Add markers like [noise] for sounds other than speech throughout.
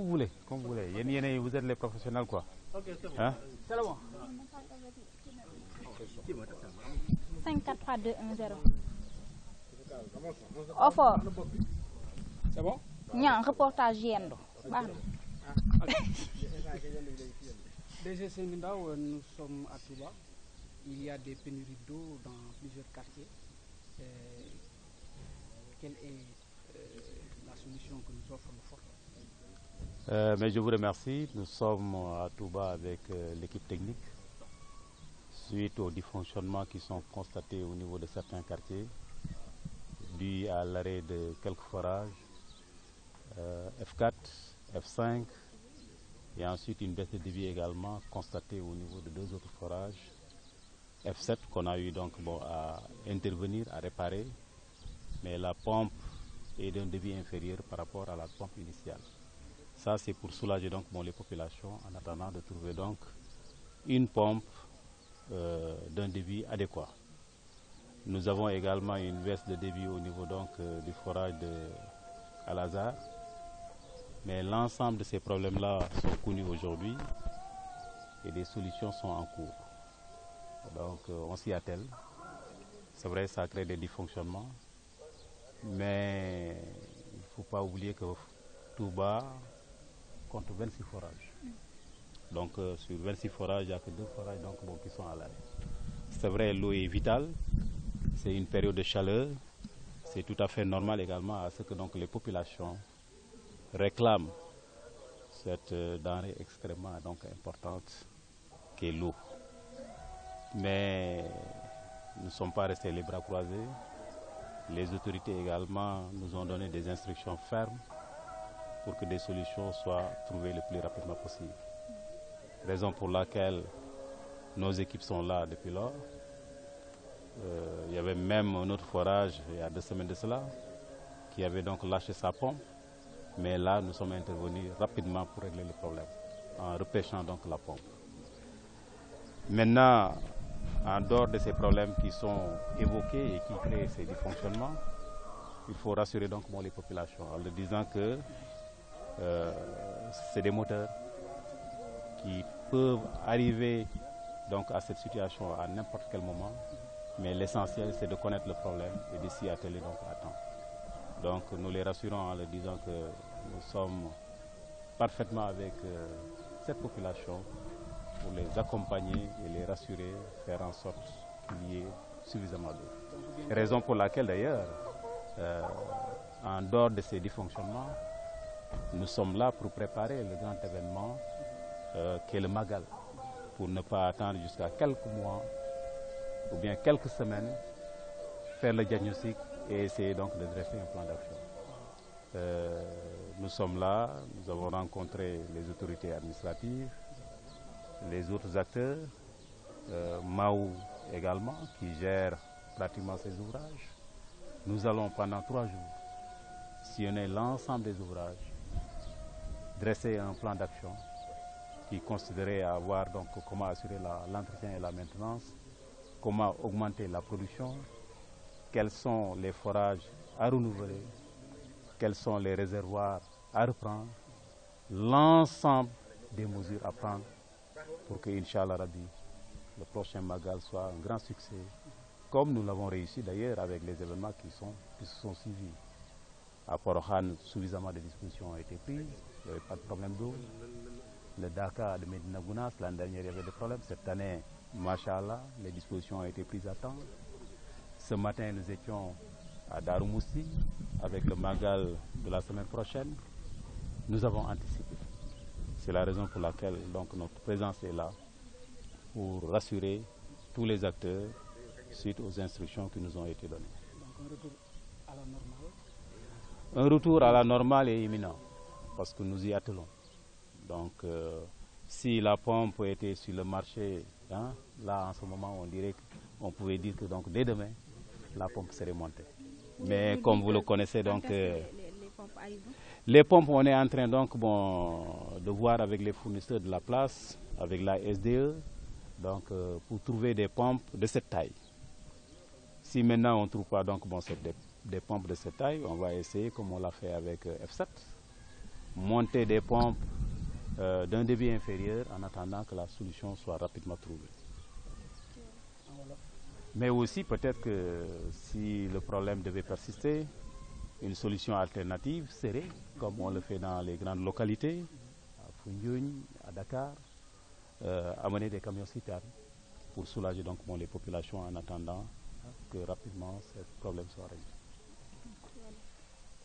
vous voulez, comme vous voulez. Yéen yéen vous êtes les professionnels quoi. Hein? C'est bon. reportage yendo. Baax na. [laughs] DG Seyni sommes à Touba. Il y a des pénuries d'eau dans plusieurs quartiers. Euh, euh la solution que nous offre le Fort? Euh, mais je vous remercie. Nous sommes à Touba avec euh, l'équipe technique. Suite aux dysfonctionnements qui sont constatés au niveau de certains quartiers, dus à l'arrêt de quelques forages, euh, F4, F5, et ensuite une baisse de débit également constatée au niveau de deux autres forages, F7 qu'on a eu donc bon, à intervenir, à réparer, mais la pompe est d'un débit inférieur par rapport à la pompe initiale. Ça, c'est pour soulager donc bon, les populations en attendant de trouver donc une pompe euh, d'un débit adéquat. Nous avons également une baisse de débit au niveau donc euh, du forage de Al-Azhar. Mais l'ensemble de ces problèmes-là sont connus aujourd'hui et des solutions sont en cours. Donc euh, on s'y attelle. C'est vrai, crée des dysfonctionnements, mais il ne faut pas oublier que tout bas, contre 26 forages. Donc euh, sur 26 forages, que deux donc, bon, qui sont à l'arrêt. C'est vrai, l'eau est vitale, c'est une période de chaleur, c'est tout à fait normal également à ce que les populations réclament cette euh, denrée extrêmement donc, importante qu'est l'eau. Mais nous ne sommes pas restés les bras croisés. Les autorités également nous ont donné des instructions fermes pour que des solutions soient trouvées le plus rapidement possible. Raison pour laquelle nos équipes sont là depuis lors. Euh, il y avait même un autre forage il y deux semaines de cela qui avait donc lâché sa pompe. Mais là, nous sommes intervenus rapidement pour régler le problème en repêchant donc la pompe. Maintenant, en dehors de ces problèmes qui sont évoqués et qui créent ces dysfonctionnements, il faut rassurer donc moi les populations en leur disant que euh, c'est des moteurs qui peuvent arriver donc à cette situation à n'importe quel moment mais l'essentiel c'est de connaître le problème et de s'y atteler donc à temps donc nous les rassurons en leur disant que nous sommes parfaitement avec euh, cette population pour les accompagner et les rassurer faire en sorte qu'il y ait suffisamment d'eau raison pour laquelle d'ailleurs euh, en dehors de ces dysfonctionnements nous sommes là pour préparer le grand événement euh, qu'est le Magal, pour ne pas attendre jusqu'à quelques mois ou bien quelques semaines, faire le diagnostic et essayer donc de dresser un plan d'action. Euh, nous sommes là, nous avons rencontré les autorités administratives, les acteurs, euh, Mao également, qui gère pratiquement ces ouvrages. Nous allons pendant trois jours sillonner l'ensemble des ouvrages dresser un plan d'action qui consisterait à voir donc comment assurer l'entretien et la maintenance, comment augmenter la production, quels sont les forages à renouveler, quels sont les réservoirs à reprendre, l'ensemble des mesures à prendre pour que, Inch'Allah Rabbi, le prochain Magal soit un grand succès, comme nous l'avons réussi d'ailleurs avec les événements qui, sont suivis. À Porokhane, suffisamment de dispositions ont été prises. Il n'y avait pas de problème d'eau. Le Dakar de Medina Gounas, l'an dernier, il y avait des problèmes. Cette année, Machallah, les dispositions ont été prises à temps. Ce matin, nous étions à Darumoussi avec le Magal de la semaine prochaine. Nous avons anticipé. C'est la raison pour laquelle donc, notre présence est là pour rassurer tous les acteurs suite aux instructions qui nous ont été données. un retour à la normale est imminent parce que nous y attelons. Donc, euh, si la pompe était sur le marché, hein, là en ce moment, on dire que donc dès demain, la pompe serait montée. Mais oui, comme vous le connaissez, donc euh, les, les, pompes on est en train donc bon, de voir avec les fournisseurs de la place, avec la SDE, donc euh, pour trouver des pompes de cette taille. Si maintenant on ne trouve pas, donc bon, des pompes de cette taille, on va essayer comme on l'a fait avec euh, f monter des pompes euh, d'un débit inférieur en attendant que la solution soit rapidement trouvée. Mais aussi peut-être que si le problème devait persister, une solution alternative serait, comme on le fait dans les grandes localités, à Foundiougne, à Dakar, euh, amener des camions citernes pour soulager donc bon, les populations en attendant que rapidement ce problème soit réglé.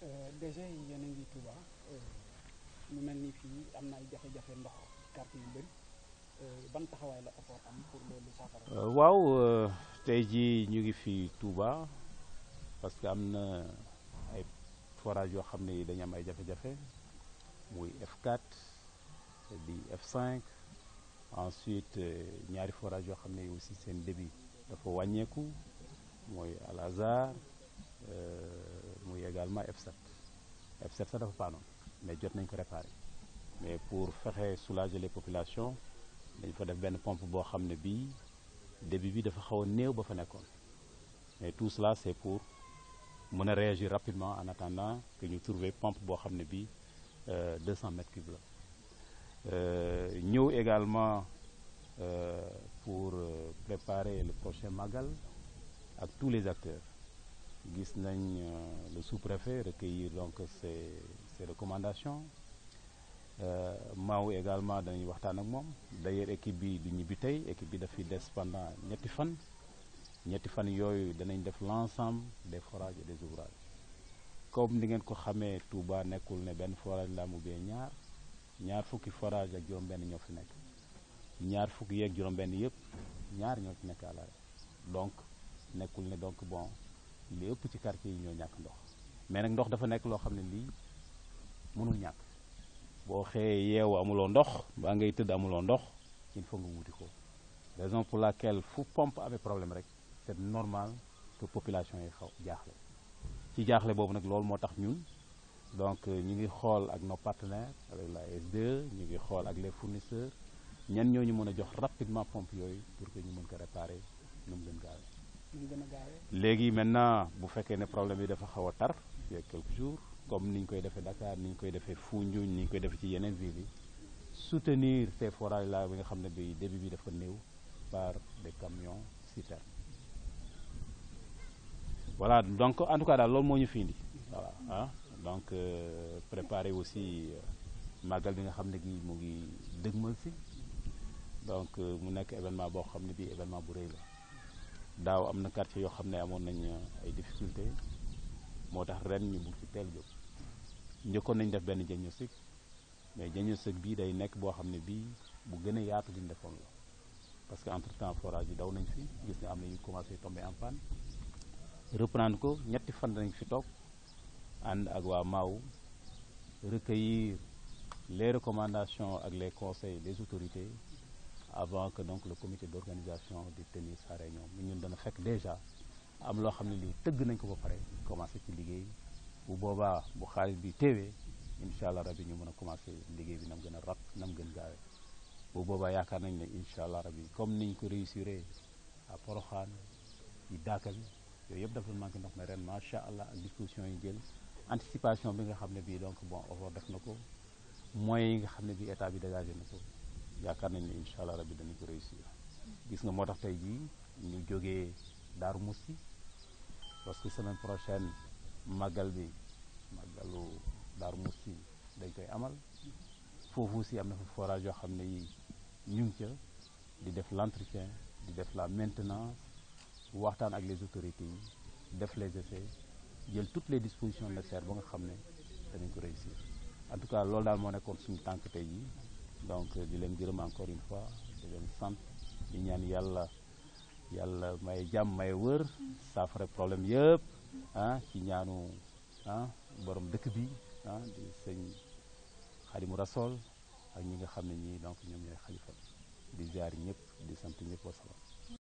Euh, déjà yéen a ngi Touba euh, mu mel ni fii am na ay jafe-jafe ndox quartier yu bëri euh, ban taxawaay la effort am pour loolu saafara. waaw tey jii ñu ngi fi Touba parce que am na ay forage yoo xam ne dañ am ay jafe-jafe muy F4 di f cinq ensuite ñaari forage yoo xam ne aussi seen débit dafa wàññeeku mooy Al Azhar. muy également F7 F7 sax dafa paanoon mais jot nañ ko réparé mais pour fexe soulager les populations dañ fa def benn pompe boo xam ne bii débit bi dafa xaw a néew ba fa nekkoon mais tout cela c'est pour mën a réagir rapidement en attendant que ñu trouver pompe boo xam ne bii 200 euh, mètres cubes la euh, ñëw également euh, pour préparer le prochain Magal ak tous les acteurs gis nañ euh, le sous-préfet recueillir donc ses ses recommandations euh, maaw également danañ waxtaan ak moom d'ailleurs équipe bi du ñibbi tey équipe bi daf fi des pendant ñetti fan ñetti fan yooyu danañ def l'ensemble des forage de des comme ni ngeen ko xamee Touba nekkul ne benn forage la mu bee ñaar ñaar fukki forage ak juróom-benn ñoo fi nekk ñaar fukki yeeg juróom-benn yëpp ñaar ñoo fi nekk à l'arrêt donc nekkul ne donc bon li ëpp ci quartier yi ñoo ñàkk ndox mais nag ndox dafa nekk loo xam ne lii mënul ñàkk boo xëyee yeewu amuloo ndox baa ngay tëdd amuloo ndox il faut nga wuti ko raison pour laquelle fu pompe amee problème rek c'est normal que population yi xaw jaaxle ci jaaxle boobu nag loolu moo tax ñun donc euh, ñu ngi xool ak nos partenaires a la S2 ñu ngi xool ak les fournisseurs ñan ñoo ñu mën a jox rapidement pompe yooyu pour que ñu mën ko réparer nu mu gën gaawee léegi maintenant bu fekkee ne problème bi dafa xaw a tar il y a quelques jours comme ni ñu koy defee Dakar ni ñu koy defee Foundiougne ni ñu koy defee ci yeneen villes yi soutenir ces forages là bi nga xam ne bi début bi dafa néew par des camions citernes voilà donc en tout cas daal loolu moo ñu fi indi donc euh, préparer aussi euh, màggal bi nga xam ne gi mu ngi dëgmal si donc euh, mu nekk événement boo xam ne bii événement bu rëy la daaw am na quartier yoo xam ne amoon nañ uh, ay difficulté moo tax ren ñu bugg ci teel jóg njëkkoon nañu def benn diagnostic mais diagnostic bii day nekk boo xam ne bii bu gën a yaatu li ñu defoon la parce que entre temps forage yi daw nañ fi gis nga am nañu ñu commencé tombé en panne reprendre ko ñetti fan nañ fi toog ànd ak waa Maaw recueillir les recommandations ak les conseils des autorités avant que donc la comité d'organisation di tenir sa réunion mi ñun dana fekk déjà am loo xam ne lii tëgg nañ ko ba pare commencé ci liggéey bu boobaa bu xaalis bi teewee incha allah rabi ñu mën a commencé liggéey bi nam gën a rap nam gën gaawee bu boobaa yaakaar nañ ne incha allah rab rabi comme niñ ko réussiré à Porokhane ci daaka bi yooyu yëpp dafa manqué ndox mais ren macha allah ak disposition yi jël anticipation bi nga xam ne bii donc bon offre def na ko moyens nga xam ne bii état bi dégagé na ko yaakaar nañ ni incha allah bi danañ ko réussir gis nga moo tax tey jii ñu jógee Daaru Musti parce que semaine prochaine màggal bi daar Daaru Musti dañ koy amal foofu aussi am na fa forage yoo xam ne yi ñu ngi ca di def l'entretien di def la maintenance waxtaan ak les autorités yi def les essais jël toutes les dispositions nécessaires ba nga xam ne dañu ko réussir en tout cas loolu daal moo nekkoon suñu tànk tey jii donc euh, di leen gërëm encore une fois di leen sant di ñaan yàlla yàlla may jàmm may wër saafara problème yëpp ah, ci ñaanu ah borom dëkk bi ah di sëñ Xaadimu Rasuul ak ñi nga xam ne ñi donc ñoom ñooy xalifa di ziar ñëpp di sant ñëpp wasalaam